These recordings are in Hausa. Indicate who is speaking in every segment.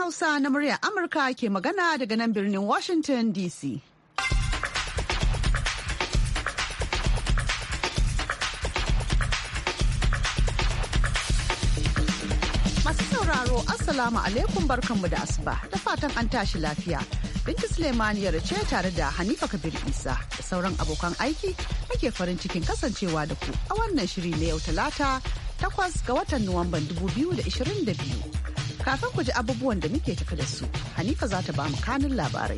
Speaker 1: Hausa na muryar Amurka ke magana daga nan birnin Washington DC. Masu sauraro Assalamu alaikum barkanmu da asuba da fatan an tashi lafiya. Suleiman ya ce tare da Hanifa Kabir Isa da sauran abokan aiki ake farin cikin kasancewa da ku a wannan shiri na yau talata takwas ga watan Nuwamban 2022. Kafin ku ji abubuwan da muke tafi da su, Hanifa za ta ba mu kanun labarai.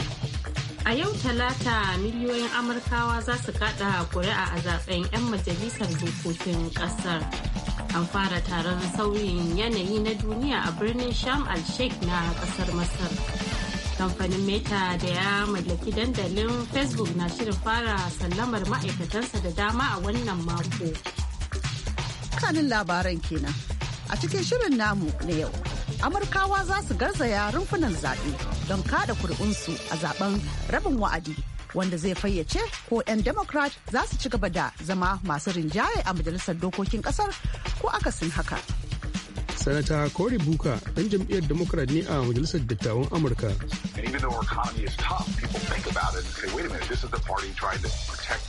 Speaker 2: A yau talata miliyoyin Amurkawa za su kada kuri'a a zaben 'yan majalisar dokokin kasar. An fara taron sauyin yanayi na duniya a birnin Sham al-Sheikh na kasar Masar. Kamfanin Meta da ya mallaki dandalin Facebook na shirin fara sallamar ma'aikatansa da dama a wannan mako.
Speaker 1: Kanin labaran kenan. A cikin shirin namu na yau, amurkawa za su garzaya rumfunan zaɓe don kada kuri'unsu a zaben rabin wa'adi wanda zai fayyace ko 'yan democrat za su ci gaba da zama masu rinjaye a majalisar dokokin kasar ko akasin haka
Speaker 3: sanata cory buka ɗan jam'iyyar democrat ne a majalisar dattawan amurka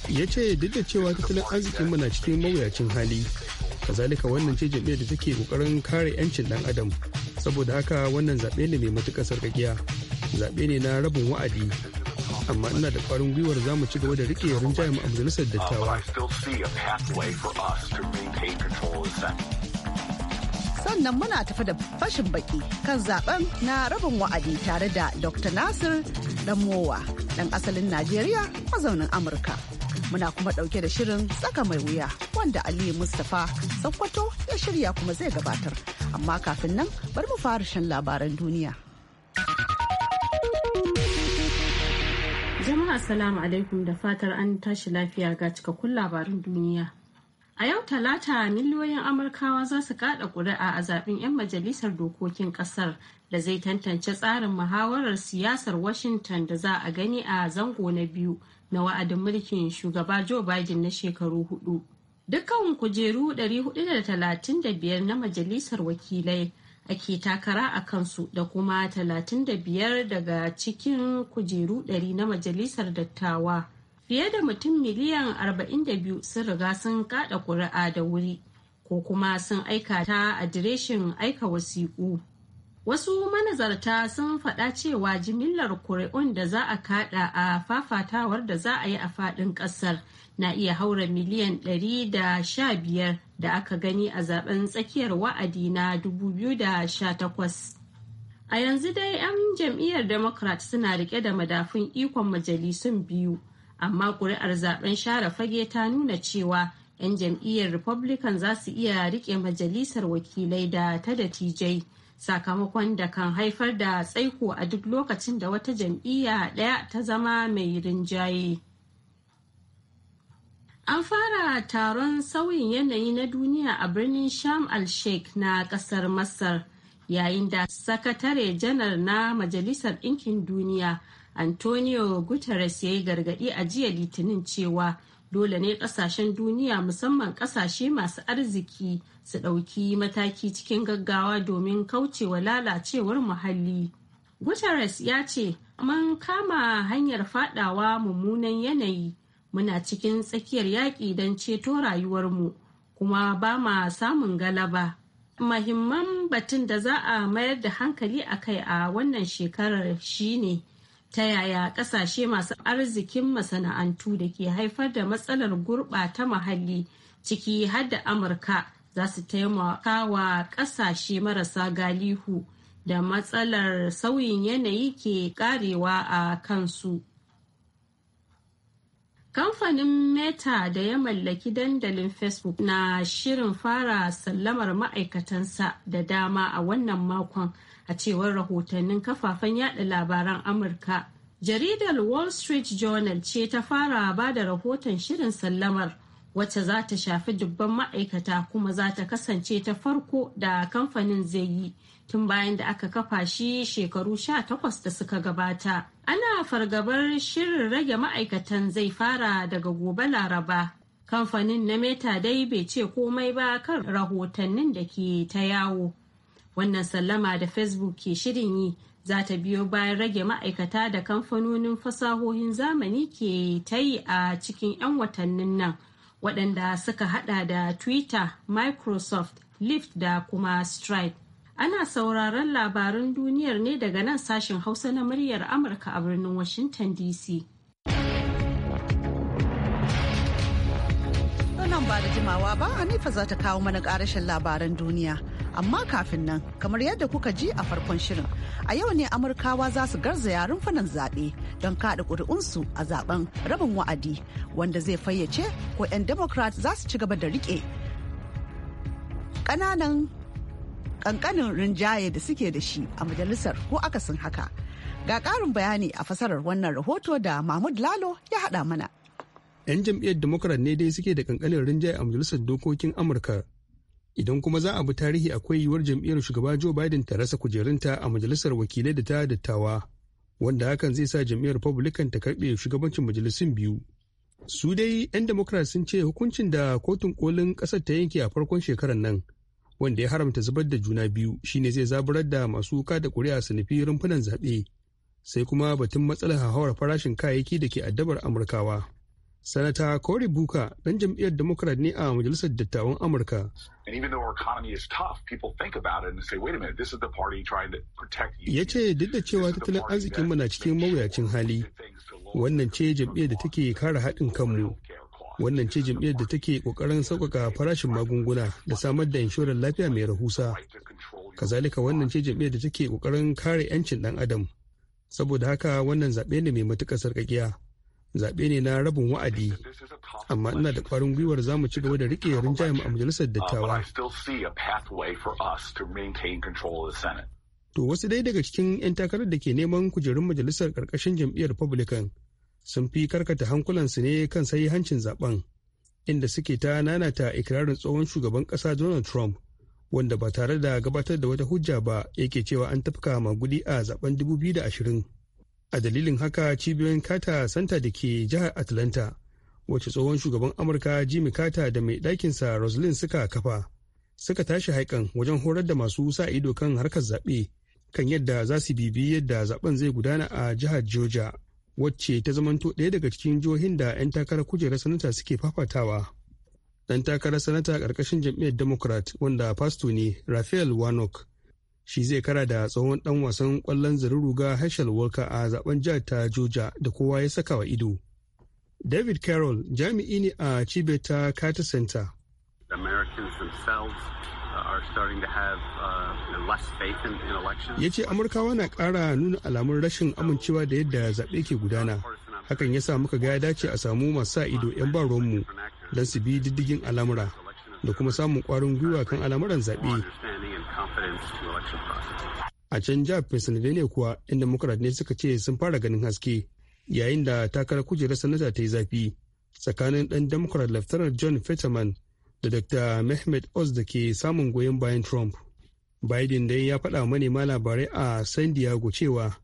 Speaker 3: ya ce duk da cewa tattalin arzikin na cikin mawuyacin hali kazalika wannan ce jam'iyyar da take kokarin kare 'yancin dan adam saboda haka wannan zaɓe ne mai matuƙar sarkakiya zaɓe ne na rabin wa'adi amma ina da ƙwarin gwiwar za mu ci gaba da riƙe rinjayen a majalisar dattawa
Speaker 1: sannan muna tafi da fashin baki kan zaben na rabin wa'adi tare da dr nasir dan mowa dan asalin najeriya mazaunin amurka muna kuma ɗauke da shirin tsaka mai wuya wanda aliyu mustapha sakwato ya shirya kuma zai gabatar amma kafin nan bari
Speaker 2: mu fara shan labaran duniya jama'a salamu alaikum da fatar an tashi lafiya ga cikakkun labarin duniya A yau Talata miliyoyin Amurkawa za su kada ƙuri'a a zaben 'yan majalisar dokokin ƙasar da zai tantance tsarin muhawarar siyasar Washington da za a gani a zango na biyu na wa'adin mulkin shugaba Joe Biden na shekaru hudu. Dukkan kujeru 435 na majalisar wakilai ake takara a kansu da kuma 35 daga cikin kujeru 100 na majalisar dattawa. Fiye da mutum miliyan 42 sun riga sun kada kuri'a da wuri ko kuma sun aika ta adireshin aika wasiƙu. Wasu manazarta sun faɗa cewa jimillar kuri'un da za a kada a fafatawar da za a yi a faɗin ƙasar na iya haura miliyan 115 da aka gani a zaben tsakiyar wa'adi na 2018. A yanzu dai 'yan jam'iyyar Democrat suna rike da madafun ikon majalisun biyu, amma kuri'ar zaben share fage ta nuna cewa 'yan jam'iyyar Republican za su iya rike majalisar wakilai da ta dattijai. sakamakon da kan haifar da tsaiko a duk lokacin da wata jam'iyya ɗaya ta zama mai rinjaye. An fara taron sauyin yanayi na duniya a birnin Sham al-Sheikh na ƙasar Masar, yayin da Sakatare Janar na Majalisar Ɗinkin Duniya, Antonio Guterres ya yi gargaɗi a jiya Litinin cewa dole ne kasashen duniya musamman kasashe masu arziki su ɗauki mataki cikin gaggawa domin kaucewa lalacewar muhalli. Guterres ya ce, "Mun kama hanyar fadawa mummunan yanayi, muna cikin tsakiyar yaƙi don ceto rayuwarmu, kuma ba ma samun galaba." Mahimman batun da za a mayar da hankali a kai a wannan shekarar shine ta yaya kasashe masu arzikin masana'antu da ke haifar da matsalar gurɓata muhalli ciki har da amurka za su taimaka wa kasashe marasa galihu da matsalar sauyin yanayi ke karewa a kansu kamfanin meta da ya mallaki dandalin facebook na shirin fara sallamar ma'aikatansa da dama a wannan makon a cewar rahotannin kafafen yada labaran amurka jaridar wall street journal ce ta fara ba da rahoton shirin sallamar wacce za ta shafi dubban ma'aikata kuma za ta kasance ta farko da kamfanin zai yi tun bayan da aka kafa shi shekaru sha takwas da suka gabata ana fargabar shirin rage ma'aikatan zai fara daga gobe laraba kamfanin na meta dai bai ce komai ba kan rahotannin da ke ta yawo Wannan sallama da Facebook ke shirin yi za ta biyo bayan rage ma'aikata da kamfanonin fasahohin zamani ke ta yi a cikin 'yan watannin nan waɗanda suka hada da Twitter, Microsoft, Lyft da kuma Stripe. Ana sauraron labarun duniyar ne daga nan sashen Hausa na muryar Amurka a birnin Washington DC. nan ba da
Speaker 1: jimawa ba Hanifa za ta kawo mana ƙarashin labaran duniya amma kafin nan kamar yadda kuka ji a farkon shirin a yau ne amurkawa za su garzaya rumfunan zaɓe don kaɗa ƙuri'unsu a zaben rabin wa'adi wanda zai fayyace ko 'yan democrat za su ci gaba da riƙe ƙananan ƙanƙanin rinjaye da suke da shi a majalisar ko akasin haka ga ƙarin bayani a fasarar wannan rahoto da mahmud lalo ya haɗa mana
Speaker 3: 'yan jam'iyyar democrat ne dai suke da ƙanƙanin rinjaye a majalisar dokokin amurka idan kuma za a bi tarihi akwai yiwuwar jam'iyyar shugaba joe biden ta rasa kujerunta a majalisar wakilai da ta dattawa wanda hakan zai sa jam'iyyar republican ta karbe shugabancin majalisun biyu su dai 'yan democrat sun ce hukuncin da kotun kolin ƙasar ta yanke a farkon shekarar nan wanda ya haramta zubar da juna biyu shine zai zaburar da masu kada kuri'a su nufi rumfunan zaɓe sai kuma batun matsalar hauhawar farashin kayayyaki da ke addabar amurkawa Sanata Cory Buka ɗan jam'iyyar Democrat ne a Majalisar Dattawan Amurka. Ya ce duk da cewa tattalin arzikin mu na cikin mawuyacin hali, wannan ce jam'iyyar da take kare haɗin kanmu. Wannan ce jam'iyyar da take ƙoƙarin sauƙaƙa farashin magunguna da samar da inshorar lafiya mai rahusa. Kazalika wannan ce jam'iyyar da take ƙoƙarin kare 'yancin ɗan adam. Saboda haka wannan zaɓe ne mai matuƙar sarƙaƙiya. zaɓe ne na rabin wa'adi amma ina da ƙwarin gwiwar za mu ci gaba da riƙe rinjayen a majalisar uh, dattawa to wasu dai daga cikin 'yan takarar da ke neman kujerun majalisar ƙarƙashin jam'iyyar republican sun fi karkata hankulansu ne kan hancin zaɓen inda suke ta nanata ikirarin tsohon shugaban ƙasa donald trump wanda ba tare da gabatar da wata hujja ba yake cewa an tafka magudi a zaben 2020 a dalilin haka cibiyoyin kata santa da ke jihar atlanta wacce tsohon shugaban amurka jimmy carter da mai ɗakinsa rosalind suka kafa suka tashi haikan wajen horar da masu sa ido kan harkar zaɓe kan yadda za su bibi yadda zaɓen zai gudana a jihar georgia wacce ta zamanto ɗaya daga cikin jihohin da 'yan takarar kujerar sanata suke fafatawa ɗan takarar sanata ƙarƙashin jam'iyyar democrat wanda fasto ne raphael warnock shi zai kara da tsohon dan wasan kwallon zaruruga Herschel Walker a zaben jihar ta Georgia da kowa ya saka wa ido. David Carroll jami'i ne a chibet ta Carter Center.
Speaker 1: Uh, uh,
Speaker 2: ya
Speaker 3: ce Amurkawa na ƙara nuna alamun rashin amincewa da yadda zaɓe ke gudana. Hakan ya sa muka ga ya dace a samu masu sa ido 'yan baronmu don su bi diddigin al'amura. da kuma samun kwarin gwiwa kan al'amuran zaɓe. A can jihar Pennsylvania kuwa 'yan Democrat ne suka ce sun fara ganin haske yayin da takarar kujerar sanata ta yi zafi tsakanin ɗan Democrat Laftanar John Fetterman da Dr. Mehmet Oz da ke samun goyon bayan Trump. Biden dai ya faɗa manema labarai a San Diego cewa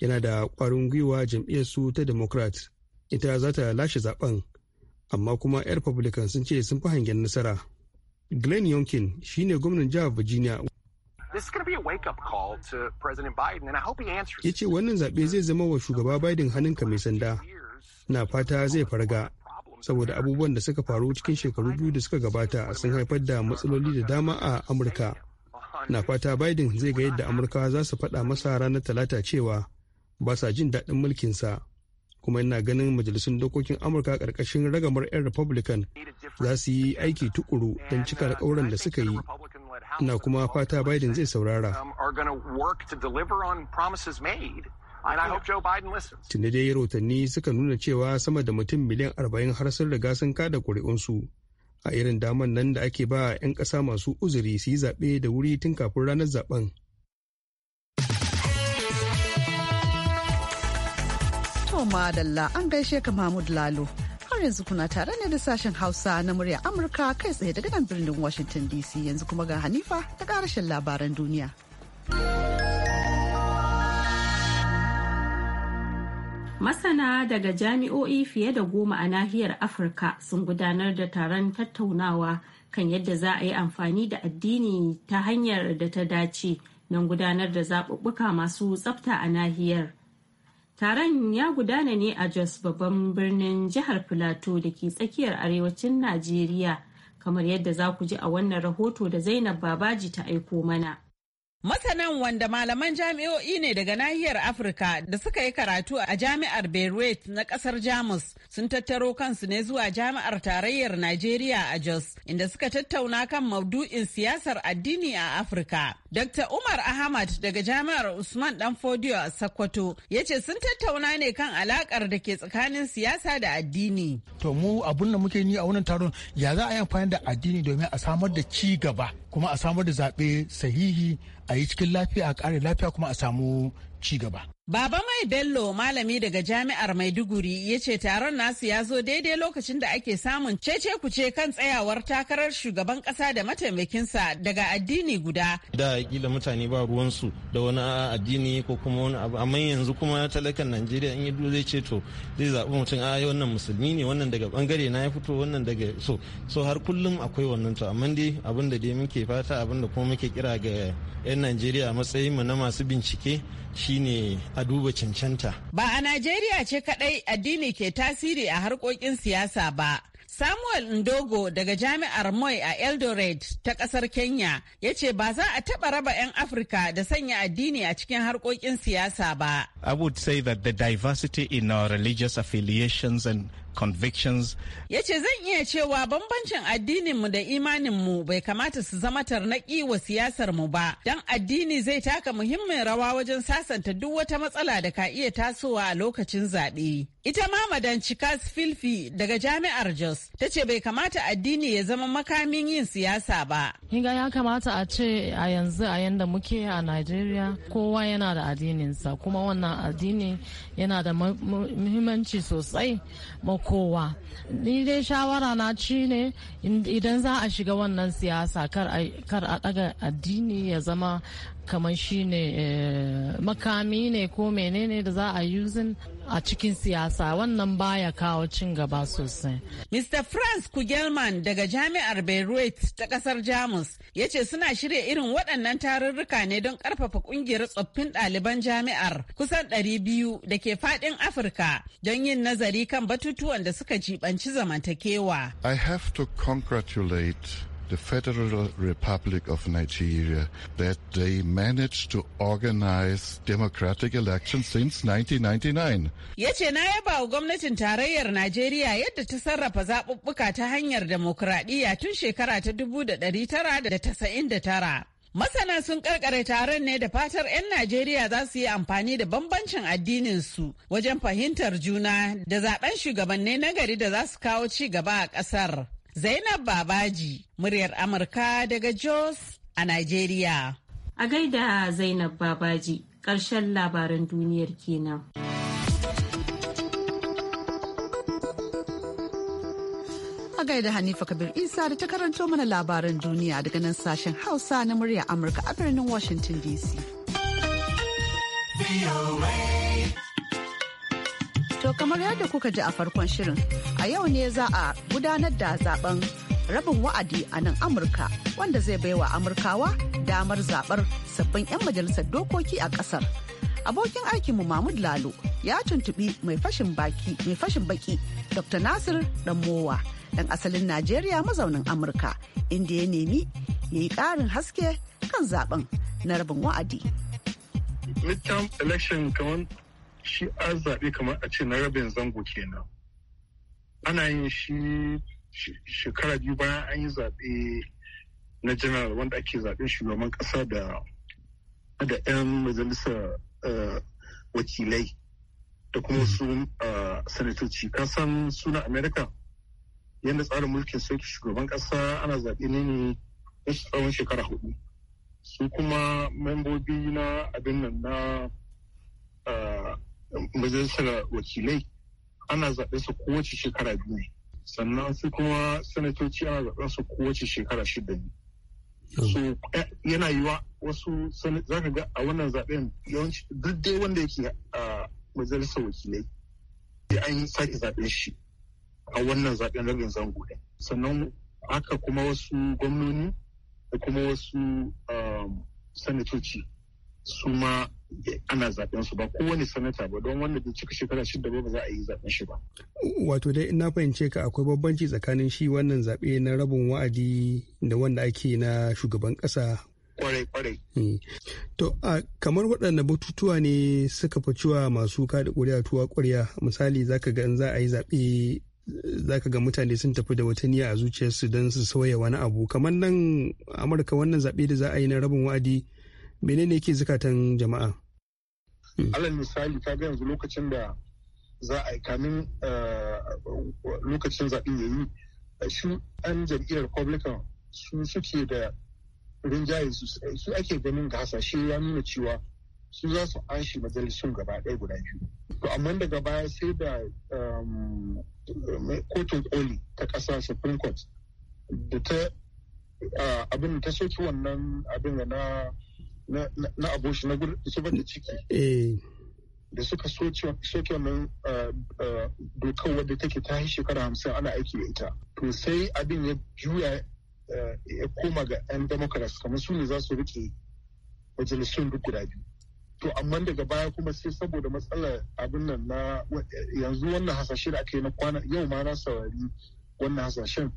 Speaker 3: yana da ƙwarin gwiwa jam'iyyarsu ta Democrat ita za ta lashe zaben amma kuma 'yan Republican sun ce sun fi hangen nasara. Glenn Youngkin ne gwamnan jihar Virginia. Ya ce wannan zaɓe zai zama wa shugaba Biden hannunka mai sanda. Na fata zai farga. Saboda abubuwan da suka faru cikin shekaru biyu da suka gabata sun haifar da matsaloli da dama a Amurka. Na fata Biden zai ga yadda Amurka za su faɗa masa ranar talata cewa ba sa jin daɗin mulkinsa. kuma yana ganin majalisun dokokin amurka karkashin ragamar 'yan republican za su yi aiki tukuru don cika alkawuran da suka yi na kuma fata biden zai saurara tunda dai rahotanni suka nuna cewa sama da mutum miliyan arba'in har sun riga sun kada ƙuri'unsu a irin daman nan da ake ba 'yan ƙasa masu uzuri su yi zaɓe da wuri tun kafin ranar zaɓen.
Speaker 1: To an gaishe ka Mahmud Lalo. Har yanzu kuna tare ne da sashen Hausa na murya Amurka kai tsaye daga nan birnin Washington DC yanzu kuma ga Hanifa ta karashin labaran duniya.
Speaker 2: Masana daga jami'o'i fiye da goma a nahiyar Afirka sun gudanar da taron tattaunawa kan yadda za a yi amfani da addini ta hanyar da ta dace don gudanar da zaɓuɓɓuka masu tsafta a nahiyar. Taron ya gudana ne a Jos babban birnin jihar Filato da ke tsakiyar arewacin Najeriya, kamar yadda za ku ji a wannan rahoto da Zainab Babaji ta aiko mana. Masanan
Speaker 4: wanda malaman jami'o'i ne daga nahiyar Afirka da suka yi karatu a jami'ar Beirut na kasar Jamus sun tattaro kansu ne zuwa jami'ar tarayyar Najeriya a Jos inda suka tattauna kan maudu'in siyasar addini a Afirka. Dr. Umar Ahmad daga jami'ar Usman Danfodiyo a Sokoto ya ce sun tattauna ne kan alakar da ke tsakanin siyasa da addini.
Speaker 5: To mu abun da muke ni a wannan taron ya za a yi amfani da addini domin a samar da ci gaba kuma a samar da zaɓe sahihi a yi cikin lafiya a ƙare lafiya kuma a samu ci gaba
Speaker 4: Baba Mai Bello malami daga jami'ar Maiduguri ya ce taron nasu ya zo daidai lokacin da ake samun cece kuce kan tsayawar takarar shugaban kasa da mataimakinsa daga addini guda.
Speaker 6: Da kila mutane ba ruwansu da wani addini ko kuma wani abu amma yanzu kuma talakan Najeriya in yadda zai ce to zai zaɓi mutum a wannan musulmi ne wannan daga bangare na ya fito wannan daga so so har kullum akwai wannan to amma dai abin da dai muke fata abin da kuma muke kira ga 'yan Najeriya matsayin mu na masu bincike shine a duba cancanta.
Speaker 4: Ba a Najeriya ce kaɗai addini ke tasiri a harkokin siyasa ba. Samuel Ndogo daga Jami'ar Moi a Eldoret ta kasar Kenya ya ce ba za a taɓa raba 'yan Afirka da sanya addini a cikin harkokin siyasa ba.
Speaker 5: I would say that the diversity in our religious affiliations and convictions.
Speaker 4: Ya ce zan iya cewa bambancin addininmu da imaninmu bai kamata su zama tarnaki wa siyasarmu ba, don addini zai taka muhimmin rawa wajen sasanta duk wata matsala da ka iya tasowa a lokacin zaɓe. Ita ma madan Chikas Filfi daga Jami'ar Jos ta ce bai kamata addini ya zama makamin yin siyasa ba. Higa ya kamata a ce a yanzu a yanda muke a Najeriya kowa yana da addininsa kuma wannan addini yana da muhimmanci sosai kowa ni dai shawara na ci ne idan za a shiga wannan siyasa kar a daga addini ya zama kamar shi ne eh, makami ne ko menene da za a using a cikin siyasa wannan baya kawo cin gaba sosai. Mr. Franz Kugelman daga Jami'ar Beirut ta kasar Jamus ya ce suna shirya irin waɗannan tarurruka ne don ƙarfafa ƙungiyar tsoffin ɗaliban jami'ar kusan ɗari biyu da ke faɗin Afirka don yin nazari kan batutuwan da suka jibanci zamantakewa.
Speaker 6: I have to congratulate
Speaker 7: the Federal Republic of Nigeria that they managed to organize democratic elections since 1999.
Speaker 4: Ya ce na yaba wa gwamnatin tarayyar Najeriya yadda ta sarrafa zaɓuɓɓuka ta hanyar demokuraɗiyya tun shekara ta 1999. Masana sun karkare taron ne da fatar 'yan Najeriya za su yi amfani da bambancin addininsu wajen fahimtar juna da zaɓen shugabanni na gari da za su kawo ci gaba a ƙasar. Zainab Babaji,
Speaker 2: muryar Amurka daga Jos a Najeriya. A gaida Zainab Babaji, ƙarshen labaran duniyar kenan. A gaida Hanifa Kabir
Speaker 1: Isa da ta karanto mana labaran duniya daga nan sashen Hausa na murya Amurka a birnin Washington DC. To kamar yadda kuka ji a farkon shirin, a yau ne za a gudanar da zaben rabin wa'adi a nan Amurka wanda zai baiwa Amurkawa damar zabar sabbin 'yan majalisar dokoki a kasar. Abokin aikinmu Mahmud Lalo ya tuntubi mai fashin baki mai fashin baki Dr. Nasir Danmowa dan asalin Najeriya mazaunin Amurka inda ya nemi ya yi ƙarin haske kan zaben na rabin wa'adi.
Speaker 6: shi a zaɓe kamar a ce na rabin zango kenan ana yin shi shekara biyu bayan an yi zaɓe na general wanda ake zaɓe shugaban ƙasa da da 'yan majalisa eh, wakilai da kuma hmm. su eh, sanatoci kasan suna amerika yadda tsarin mulkin sauki shugaban ƙasa ana zaɓe ne ne wasu tsawon shekara hudu su kuma membobi na abin nan na eh, majalisar wakilai ana zaɓe su kowace shekara biyu ne sannan su kuma sanatoci ana zaɓen su kowace shekara shida ne so eh, yana yiwa wasu za ka ga a wannan zaɓen yawanci duk dai wanda yake a majalisar wakilai sai an sake zaɓen shi a wannan zaɓen rabin zango ɗin sannan haka kuma wasu gwamnoni da kuma wasu um, sanatoci su ma ana zaɓen su ba kowane sanata ba don wanda bai cika shekara shida ba ba za a yi zaɓen shi ba.
Speaker 3: Wato dai na fahimce ka akwai bambanci tsakanin shi wannan zaɓe na rabin wa'adi da wanda ake na shugaban ƙasa. Eh. To a kamar waɗanda batutuwa ne suka ficewa masu kada ƙuri'a tuwa ƙuri'a misali za ga in za a yi zaɓe zaka ga mutane sun tafi da wata niyya a zuciyarsu don su sauya wani abu kamar nan amurka wannan zaɓe da za a yi na rabin wa'adi menene ke zukatan jama'a
Speaker 6: alal misali ka ga yanzu lokacin da za a kamin eh, lokacin zaɓen yayi shi an jam'iyyar republican su suke da rinjaye su ake ganin ga hasashe ya nuna cewa su za su anshi majalisun gaba ɗaya guda biyu to amma daga baya sai da eh, kotun koli ta ƙasa supreme court da ta eh, abin ta soki wannan abin na na abun shi na zubar da ciki eh. da suka soke min dokar wadda take ta yi shekara hamsin ana aiki da ita to sai abin ya juya ya koma ga 'yan democrats kamar su ne za su rike majalisun duk guda biyu to amma daga baya kuma sai saboda matsalar abin nan na yanzu wannan hasashe da aka yi na kwana yau ma na saurari wannan hasashen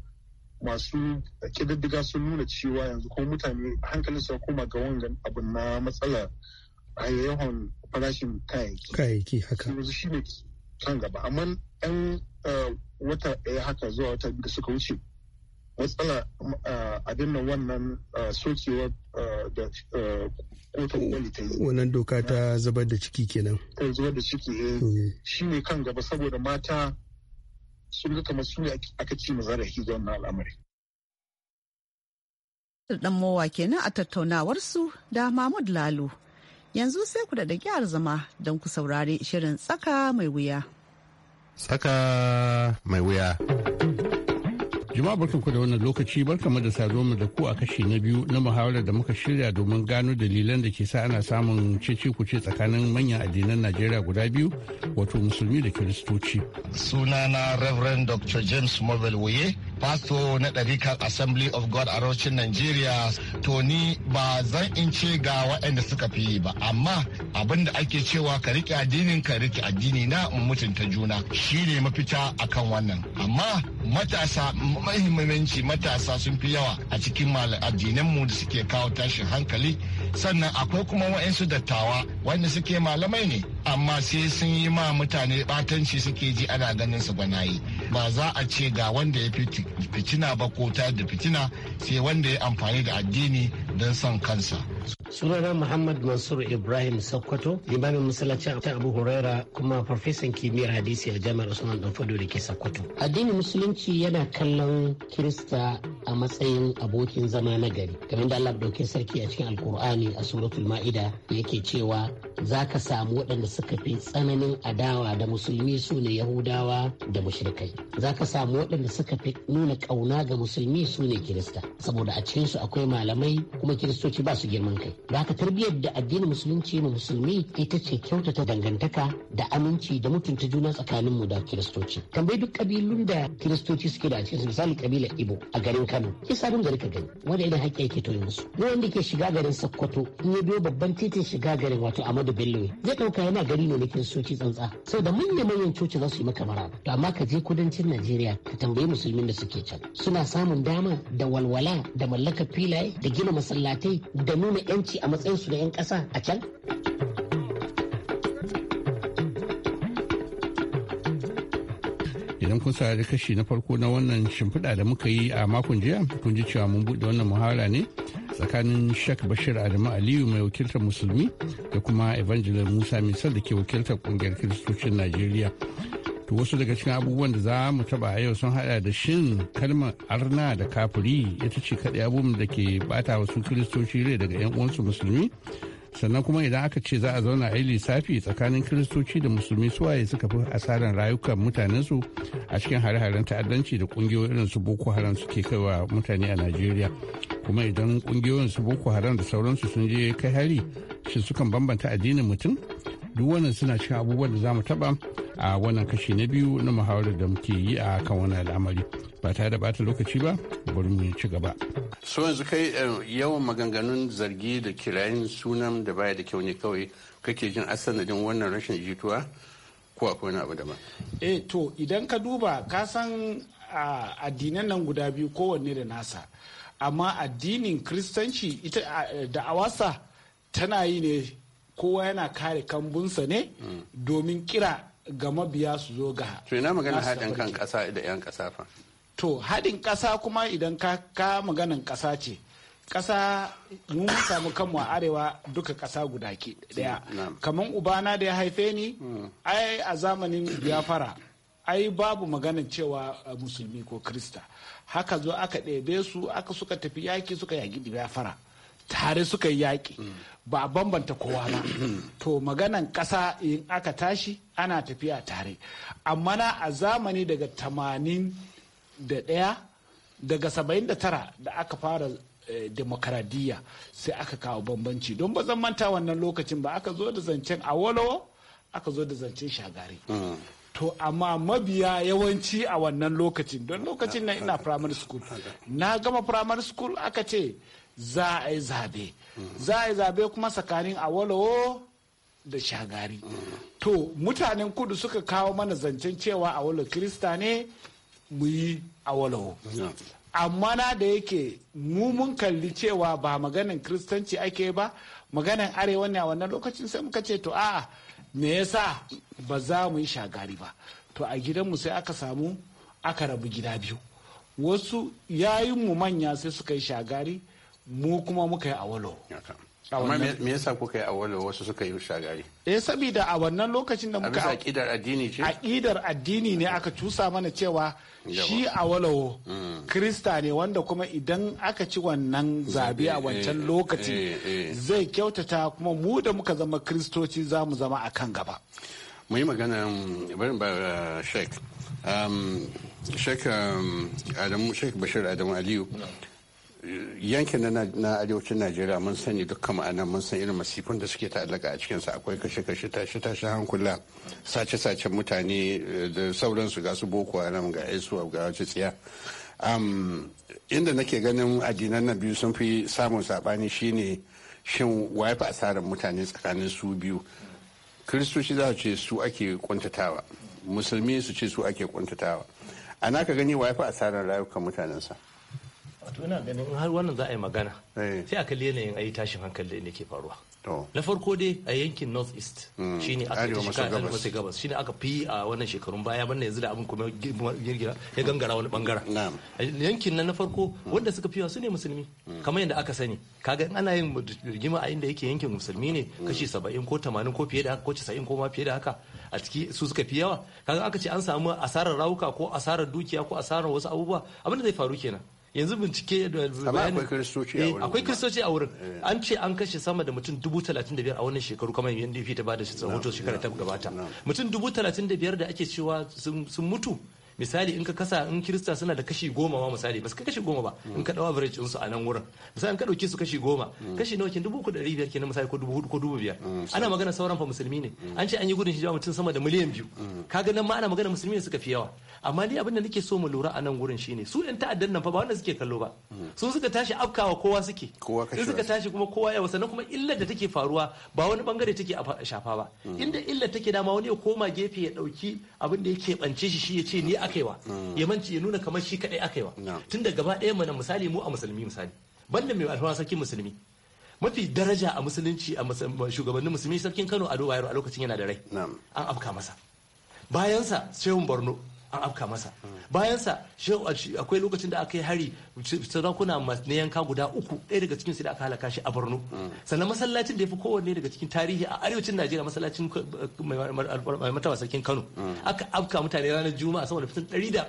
Speaker 6: masu kididdiga sun nuna cewa yanzu kuma mutane hankalin su koma ga wangan abu na matsala a yawan farashin kayayyaki. Kayayyaki haka. Yanzu shi ne kan gaba. Amma ɗan eh, wata ɗaya haka zuwa wata da suka wuce matsala eh, abin nan wannan eh, sokewa da kotun wani ta yi. Wannan
Speaker 3: doka ta zubar da ciki kenan.
Speaker 6: Ta zubar da ciki mm. shi ne kan gaba saboda mata sun ga kamar su ne aka ci ma zarafi ga wannan al'amari.
Speaker 1: Dan mowa kenan a tattaunawarsu da Mahmud Lalo. Yanzu sai ku da gyar zama don ku saurari shirin tsaka mai wuya.
Speaker 7: Tsaka mai wuya. Jama'a barkanku da wannan lokaci barkanmu da sado mu da ku a kashi na biyu na muhawarar da muka shirya domin gano dalilan da ke sa ana samun cece kuce tsakanin manyan addinan Najeriya guda biyu wato musulmi da kiristoci.
Speaker 8: Sunana Reverend
Speaker 5: Dr. James Mobile Wuye Pastor na ɗarikar assembly of god a rocin nigeria to ni ba zan in ce ga waɗanda suka fi yi ba amma abin da ake cewa ka riƙe addinin ka riƙe addini na mutunta juna shine mafita akan wannan amma matasa mahimmanci matasa sun fi yawa a cikin addinan mu da suke kawo tashin hankali sannan akwai kuma waɗansu dattawa wanda suke malamai ne amma sai sun yi ma mutane batanci suke ji ana ganin su gwanayi ba za a ce ga wanda ya fi fitina ba ko ta da fitina sai wanda ya amfani da addini don son kansa.
Speaker 9: sunana muhammad mansur ibrahim sokoto limamin masallacin ta abu huraira kuma farfesan kimiyyar hadisi a jami'ar usman fado da ke sokoto addinin musulunci yana kallon kirista a matsayin abokin zama na gari kamar da allah dauke sarki a cikin alkur'ani a suratul ma'ida yake cewa za ka samu waɗanda suka fi tsananin adawa da musulmi su ne yahudawa da mushrikai za ka samu waɗanda suka fi nuna ƙauna ga musulmi su ne kirista saboda a cikinsu akwai malamai kuma kiristoci ba su girman kai da haka tarbiyyar da addinin musulunci mu musulmi ita ce kyautata dangantaka da aminci da mutunta juna tsakanin mu da kiristoci tambayi duk kabilun da kiristoci suke da cikin misali kabilar ibo a garin kano ke sabon gari ka gani wanda idan haƙƙi yake toye musu na wanda ke shiga garin sokoto in ya biyo babban titin shiga garin wato amadu bello zai ɗauka yana gari ne na kiristoci tsantsa sau da manyan manyan coci za su yi maka mara to amma ka je kudancin najeriya ka tambayi musulmin da suke can suna samun dama da walwala da mallakar filaye da gina masa masallatai da nuna 'yanci a matsayinsu da 'yan ƙasa a can?
Speaker 7: idan kun saurari kashi na farko na wannan shimfiɗa da muka yi a makon jiya kun ji cewa mun buɗe wannan muhawara ne tsakanin shak bashir adamu aliyu mai wakiltar musulmi da kuma evangelist musa misal da ke wakiltar ƙungiyar kiristocin najeriya To wasu daga cikin abubuwan da za mu taba a yau sun haɗa da shin kalmar arna da kafiri ita ce kaɗai abubuwan da ke bata wasu kiristoci rai daga 'yan uwansu musulmi. Sannan kuma idan aka ce za a zauna a yi lissafi tsakanin kiristoci da musulmi suwaye suka fi asarar rayukan mutanensu a cikin hare-haren ta'addanci da kungiyoyin irin su Boko Haram suke kaiwa mutane a Najeriya. Kuma idan kungiyoyin su Boko Haram da sauransu sun je kai hari, shin sukan bambanta addinin mutum? Duk wannan suna cikin abubuwan da za mu taba a wannan kashi na biyu na muhawarar da muke yi a kan wani al'amari ba tare da bata lokaci ba bari mu ci gaba so yanzu kai eh, yawan maganganun zargi da kirayen sunan da baya da kyau ne kawai kake jin asanadin wannan rashin jituwa ko akwai wani abu daban
Speaker 5: eh to idan ka duba ka san addinan nan guda biyu kowanne da nasa amma addinin kiristanci ita awasa tana yi ne kowa yana kare kambunsa ne mm. domin kira ga mabiya su zo ga to ina magana haɗin
Speaker 7: kan ƙasa da 'yan ƙasa fa
Speaker 5: to haɗin ƙasa kuma idan ka ka maganan ƙasa ce ƙasa mun samu kanmu a arewa duka ƙasa guda ke daya mm, kamar ubana da ya haife ni mm. ai a zamanin biyafara ai babu magana cewa eh, musulmi ko krista haka zo aka ɗebe su aka suka tafi yaki suka yaki fara. tare suka yi yaƙi ba a bambanta kowa ba to maganan ƙasa in aka tashi ana tafiya tare amma na a zamani daga tamanin da ɗaya daga saba'in da tara da aka fara eh, demokaradiyya sai aka kawo bambanci don ba zan manta wannan lokacin ba aka zo da zancen awolowo aka zo da zancen shagari to amma mabiya yawanci a wannan lokacin don lokacin na ina primary school na gama primary school aka ce za a yi zabe za a yi zabe kuma tsakanin awolowo da shagari to mutanen kudu suka kawo mana zancen cewa awolo krista ne mu yi awolowo amma na da yake mu mun kalli cewa ba maganin kristanci ake ba maganin arewa ne a wannan lokacin sai muka ce to a'a me yasa ba za mu yi shagari ba to a gidanmu sai aka samu aka rabu gida biyu wasu yayin mu manya sai suka yi shagari mu kuma muka yi a walo amma me
Speaker 7: yasa kuka yi a walo wasu suka yi shagari
Speaker 5: eh sabida a wannan lokacin da muka aqidar addini ce aqidar addini ne aka cusa mana cewa shi a walo mm. krista ne wanda kuma idan aka ci wannan zabi a eh, wancan eh, lokaci eh, zai kyautata kuma mu da muka zama kristoci za mu zama a kan gaba
Speaker 7: mu yi magana um, bari ba shek uh, shek um, um, adamu shek bashir adamu aliyu yankin na arewacin najeriya mun sani dukkan ma'ana mun san irin masifin da suke ta'allaka a cikinsa akwai kashe-kashe tashi-tashi hankula sace sace mutane eh, da sauransu ga su boko haram ga isuwa ga wace tsiya inda nake ganin addinan na biyu sun fi samun saɓani shine shin waye fa asarar mutane tsakanin su biyu kiristoci za ce su ake kuntatawa musulmi su ce su ake kuntatawa a naka gani waye asarar rayukan mutanensa
Speaker 8: wato ina ganin har wannan za a yi magana eh. sai a kalli yanayin ayi tashin hankali da ke faruwa na farko dai a yankin north east hmm, shine aka yi shekara masu gabas shine aka fi a wannan shekarun baya banda yanzu da abin kuma girgira ya gangara wani bangara. yankin nan na farko wanda suka fiwa su ne musulmi hmm. kamar yadda aka sani kaga ana yin rigima a inda yake yankin musulmi ne hmm. kashi saba'in ko tamanin ko fiye da haka ko casa'in ko ma fiye da haka a ciki su suka fi yawa kaga aka ce an samu asarar rawuka ko asarar dukiya ko asarar wasu abubuwa abin da zai faru kenan yanzu bincike da bayani eh, akwai kristoci a wurin eh. an ce an kashe sama da mutum dubu talatin da biyar a wannan shekaru kamar yadda ta bada rahoto shekara ta gabata mutum dubu talatin da biyar da ake cewa sun mutu misali in ka kasa in kirista suna da kashi goma ma misali ba su kashi goma ba in ka dawa average su a nan wurin misali in ka dauki su kashi goma kashi nawa kin dubu uku da biyar kenan misali ko dubu hudu ko dubu biyar mm, ana magana sauran fa musulmi ne an ce an yi gudun hijira mutum sama da miliyan biyu mm. kaga nan ma ana magana musulmi ne suka fi yawa amma ni abin da nake so mu lura a nan wurin shine su yan ta'addan nan fa ba wanda suke kallo ba mm. su suka tashi afkawa kowa suke in suka tashi kuma kowa yawa sannan kuma illar da take faruwa ba wani bangare take shafa ba inda illar take dama wani ya koma gefe ya dauki abin da yake bance shi shi ya ce ni a aka yi wa hmm. yamanci ya nuna kamar shi kadai aka yi wa tun da gaba ɗaya mana misali mu a musulmi misali banda mai alfawa sarki musulmi mafi daraja a musulunci a shugabannin musulmi sarkin kano a a lokacin yana da rai an afka masa bayansa shehun borno an afka masa bayan bayansa akwai lokacin da aka yi hari sarakuna na yanka guda uku ɗaya daga cikin su da aka halaka shi a borno sannan masallacin da ya fi kowanne daga cikin tarihi a arewacin najeriya masallacin eh, mai matawa sarkin kano aka afka mutane ranar juma'a sama da ɗari da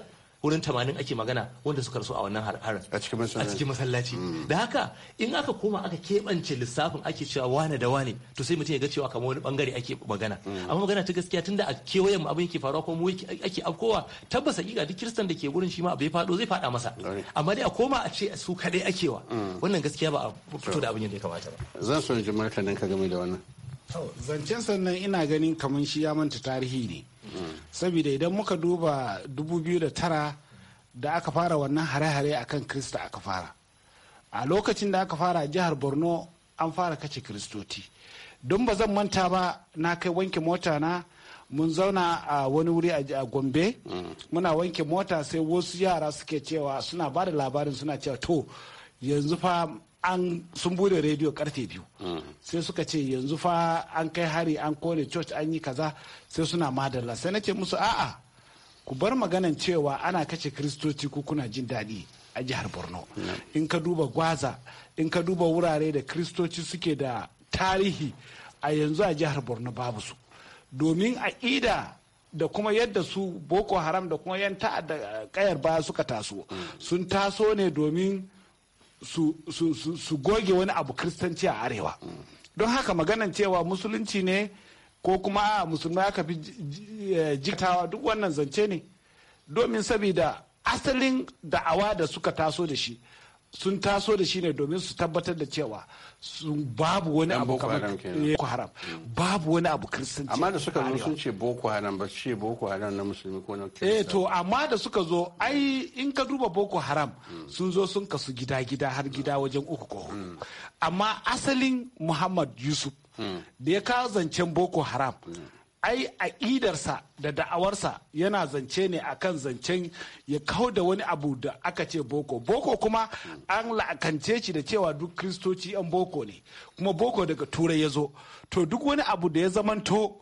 Speaker 8: wurin tamanin ake magana wanda suka rasu a wannan harin a cikin masallaci hmm. da haka in aka koma aka keɓance lissafin ake cewa wane da wane to sai mutum ya ga cewa kamar wani bangare ake magana hmm. amma magana ta gaskiya tunda a kewayen abin yake faruwa ko mu ake afkowa tabbas hakika duk kiristan da ke gurin shi ma abu ya faɗo zai faɗa masa amma dai a koma a ce su ake akewa hmm. wannan gaskiya ba a fito da abin yadda ya kamata ba
Speaker 7: zan so in ji martanin ka game da wannan
Speaker 5: zancen sannan ina ganin kamar shi ya manta tarihi ne saboda idan muka duba 2009 da aka fara wannan hare-hare akan kirista aka fara a lokacin da aka fara jihar borno an fara kace kristoti don ba zan manta ba na kai wanke mota na mun zauna a wani wuri a gombe mm. muna wanke mota sai wasu yara suke cewa suna ba da labarin suna cewa to yanzu fa an sun bude rediyo karfe biyu mm. sai suka ce yanzu fa an kai hari an kone church an yi kaza sai suna madalla sai nake musu a'a ku bar maganan cewa ana kashe kristoci ko kuna jin daɗi a jihar borno mm. in ka duba gwaza in ka duba wurare da kristoci suke da tarihi a yanzu a jihar borno babu su domin aƙida da kuma yadda su boko haram da kuma yan ta'adda kayar baya suka taso mm. sun taso ne domin su goge wani abu kristanci a arewa don haka maganan cewa musulunci ne ko kuma musulmai aka fi eh, jiktawa duk wannan zance ne domin saboda asalin da'awa da suka taso da shi sun taso da shi ne domin su tabbatar da cewa babu wani abu kamar boko haram babu wani abu kristanci amma da suka zo sun
Speaker 7: ce boko haram ba ce boko haram na musulmi ko na
Speaker 5: eh to amma da suka zo ai in ka duba boko haram sun zo sun kasu gida gida har gida wajen uku ko amma asalin muhammad yusuf hmm. da ya kawo zancen boko haram ai aƙidarsa da da'awarsa yana zance ne akan zancen ya kawo da wani abu da aka ce boko boko kuma an la'akance shi da cewa duk kristoci 'yan boko ne kuma boko daga turai ya zo to duk wani abu da ya zamanto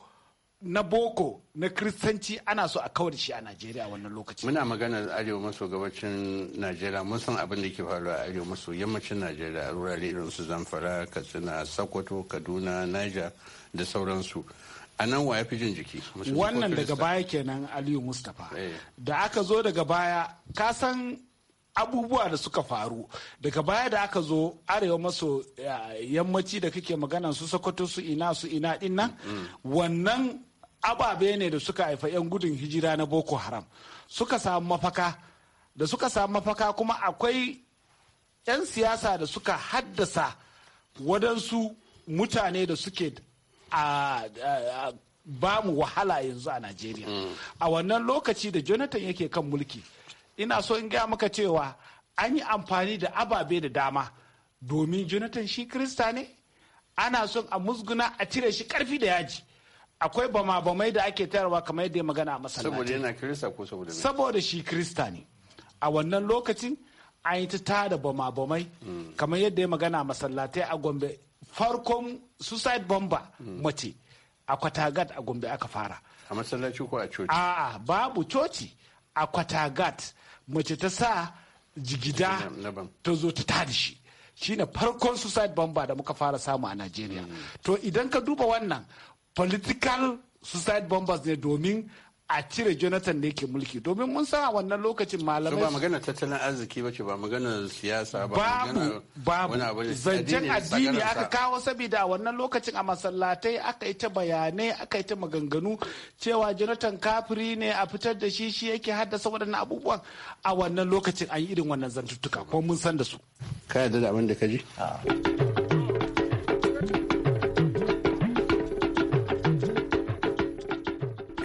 Speaker 5: na boko na kristanci ana so a kawar shi a najeriya wannan lokaci
Speaker 7: muna maganar arewa maso gabacin najeriya mun san abin da ke faruwa a arewa maso yammacin najeriya a wurare irin su zamfara katsina sokoto kaduna niger da sauransu a nan wa ya fi jin jiki wannan daga baya
Speaker 5: kenan aliyu mustapha eh. da aka zo daga baya ka san abubuwa da suka faru daga baya da aka zo arewa maso yammaci da kake magana su sokoto su ina su ina din mm-hmm. wannan ababe ne da suka haifa 'yan gudun hijira na boko haram suka samu mafaka da suka samu mafaka kuma akwai 'yan siyasa da suka haddasa wadansu mutane da suke a ba mu wahala yanzu a najeriya mm. a wannan lokaci da jonathan yake kan mulki ina so in gaya maka cewa an yi amfani da ababe da dama domin jonathan shi krista ne ana son a musguna a cire shi karfi da yaji akwai bama bamai da ake tayarwa kamar yadda ya magana a masana. saboda yana krista ko saboda saboda shi kirista ne a wannan lokacin an yi ta tada bama bamai mm. kamar yadda ya magana a masallatai a gombe farkon suicide bomber mace a kwatagat a gombe aka fara
Speaker 7: a masallaci ko a coci a'a
Speaker 5: babu coci a kwatagat mace ta sa jigida ta zo ta tada shi shine farkon suicide bomber da muka fara samu a Najeriya. Mm. To idan ka duba wannan political suicide bombers ne domin a cire jonathan da yake mulki domin mun san a wannan lokacin malamai ba
Speaker 7: magana tattalin arziki ba ce ba magana siyasa ba babu babu zancen addini aka
Speaker 5: kawo saboda a wannan lokacin a masallatai aka yi ta bayanai aka yi ta maganganu cewa jonathan kafiri ne a fitar da shi shi yake haddasa waɗannan abubuwan a wannan lokacin an yi irin wannan zantuttuka ko mun san da su ka yarda da abin da ka ji ah.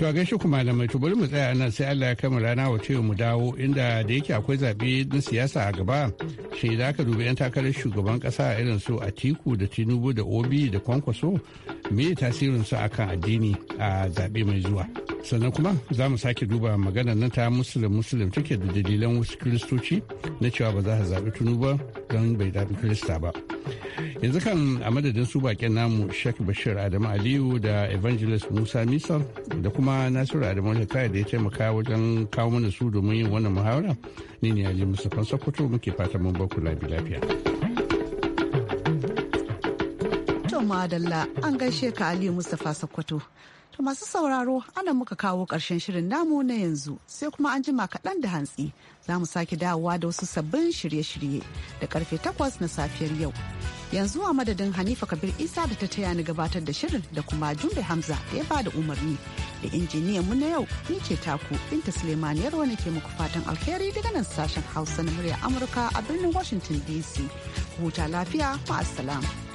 Speaker 7: To a gaishe kuma da to bari mu tsaya nan sai Allah ya kama rana wa ce mu dawo inda da yake akwai zaɓe na siyasa a gaba shi za ka dubi 'yan takarar shugaban ƙasa irin su Atiku da Tinubu da Obi da Kwankwaso me tasirin su akan addini a zaɓe mai zuwa. Sannan kuma za mu sake duba maganar nan ta Musulun Musulun take da dalilan wasu Kiristoci na cewa ba za ta zaɓi Tinubu don bai zaɓi Kirista ba. yanzu kan a madadin su bakin namu shek Bashir Adamu Aliyu da Evangelist Musa Misal da kuma Nasiru Adamu Hikaya da ya taimaka wajen kawo mana su domin yin wannan muhawara ni ne Ali Mustapha Sokoto muke fatan mun baku labi lafiya.
Speaker 1: To madalla an gaishe ka Aliyu Mustapha Sokoto. To masu sauraro ana muka kawo ƙarshen shirin namu na yanzu sai kuma an jima kaɗan da hantsi za mu sake dawowa da wasu sabbin shirye-shirye da karfe takwas na safiyar yau. Yanzu a madadin Hanifa Kabir Isa da ta taya ni gabatar da shirin da kuma Jumbe Hamza da ya bada umarni da injiniyan mu na yau ni ce taku Binta Suleiman Yarwa ke muku fatan alheri daga nan sashen Hausa na murya Amurka a birnin Washington DC. Huta lafiya, ma'assalam.